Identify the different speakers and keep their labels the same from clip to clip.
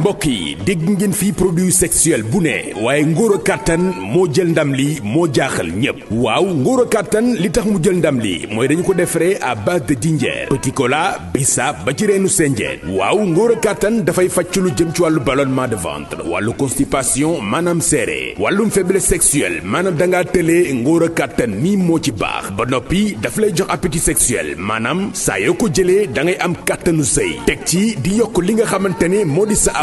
Speaker 1: mbokk yi digg ngeen fii produit sexuel bu nee waaye ngóor a kàttan moo jël ndam li moo jaaxal ñëpp waaw ngóor a kàttan li tax mu jël ndam li mooy dañu ko defaree à base de dinjeer petit cola bisaab ba ci reenu senjeen waaw ngóor a kàttan dafay fàcc lu jëm ci wàllu ballonnement de ventre wàllu constipation maanaam seere wàllum faiblesse sexuelle maanaam da ngaa tëlee ngóor a kàttan nii moo ci baax ba noppi daf lay jox appétit sexuel maanaam saa yoo ko jëlee da ngay am kàttanu sëy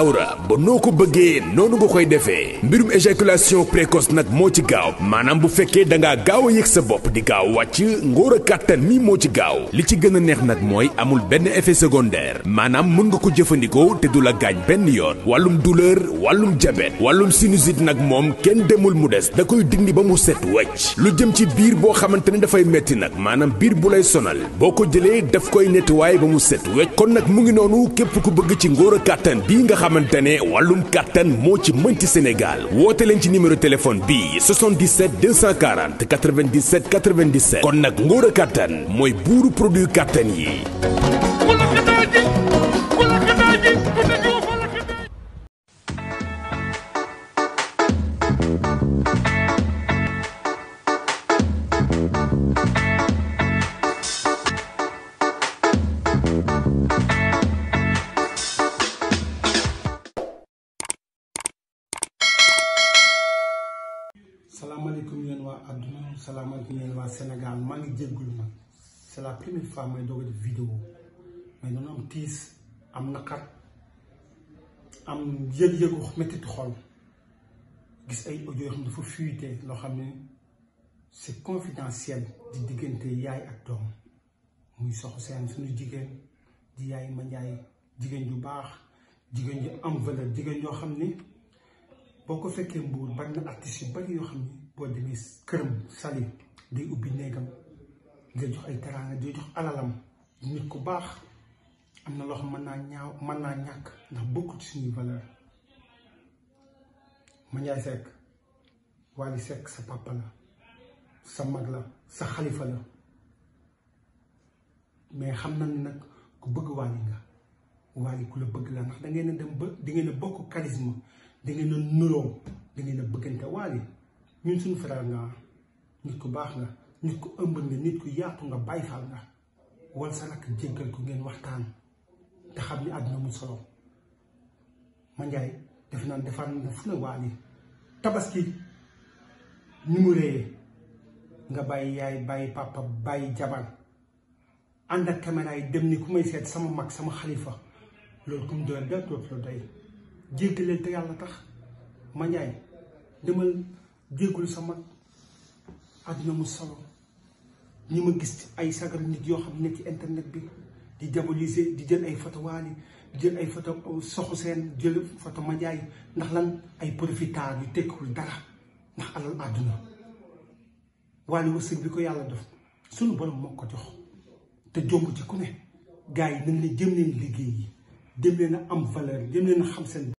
Speaker 1: awra ba noo ko bëggee noonu nga koy defee mbirum éjaculation précoce nag moo ci gaaw maanaam bu fekkee da ngaa gaaw a yëg sa bopp di gaaw wàcc ngóor a kàttan mi moo ci gaaw li ci gën a neex nag mooy amul benn effet secondaire maanaam mun nga ko jëfandikoo te du la gaañ benn yoon wàllum douleur wàllum jabet wàllum sinusite nag moom kenn demul mu des da koy digni ba mu set wecc lu jëm ci biir boo xamante ne dafay metti nag maanaam biir bu lay sonal boo ko jëlee daf koy nettoyer ba mu set wecc kon nag mu ngi noonu képp bëgg ci ngóor a kàttan xamante ne wàllum kàttan moo ci mënti Sénégal woote leen ci numéro téléphone bi 77 240 97 97 kon nag ngóor a kàttan mooy buuru produit kàttan yi
Speaker 2: salaamaaleykum yéen waa àdduna salaamaaleykum yéen waa Sénégal maa ngi jéggul nag c'est la première fois may doog a def vidéo am tiis am naqar am yëg-yëgu mettitu xol gis ay audio yoo xam ne dafa fuité loo xam ne c'est confidentiel di diggante yaay ak doom muy soxu seen suñu jigéen di yaay ma njaay jigéen ju baax jigéen ju am valeur jigéen joo xam ne boo ko fekkee mbuur bari na artistes yu bari yoo xam ne boo demee këram sali day ubbi néegam di jox ay teraanga di jox alalam nit ku baax am na loo mën naa ñaaw mën naa ñàkk ndax bokkul ci suñuy valeur Mandiaye Seck Wally Seck sa papa la sa mag la sa xalifa la mais xam na ne nag ku bëgg Wally nga Wally ku la bëgg la ndax da ngeen a dem ba di ngeen bokk charisme da ngeen a nuroo da ngeen a bëggante waale ñun suñu frère nga nit ku baax nga nit ku ëmb nga nit ku yaatu nga bàyyi faal nga wal sa rakk jéggal ko ngeen waxtaan te xam ni àdduna mu solo manjaay def naan defar na fu ne waale tabaski ni mu réyee nga bàyyi yaay bàyyi papa bàyyi jabar ànd ak caméra yi dem ni ku may seet sama mag sama xalifa loolu comme doyal da dootu la doy jéggaleel te yàlla tax ma njaay demal jéggul sa mag àdduna mu solo ñi ma gis ay sagar nit yoo xam ne ci internet bi di diaboliser di jël ay photo waali di jël ay photo soxu seen jël photo ma ndax lan ay profiteurs yu tekkiwul dara ndax alal àdduna waali wërsëg bi ko yàlla def sunu borom moo ko jox te jomb ci ku ne gars yi nañ la jëm leen liggéey yi jëm leen a am valeur jëm leen a xam seen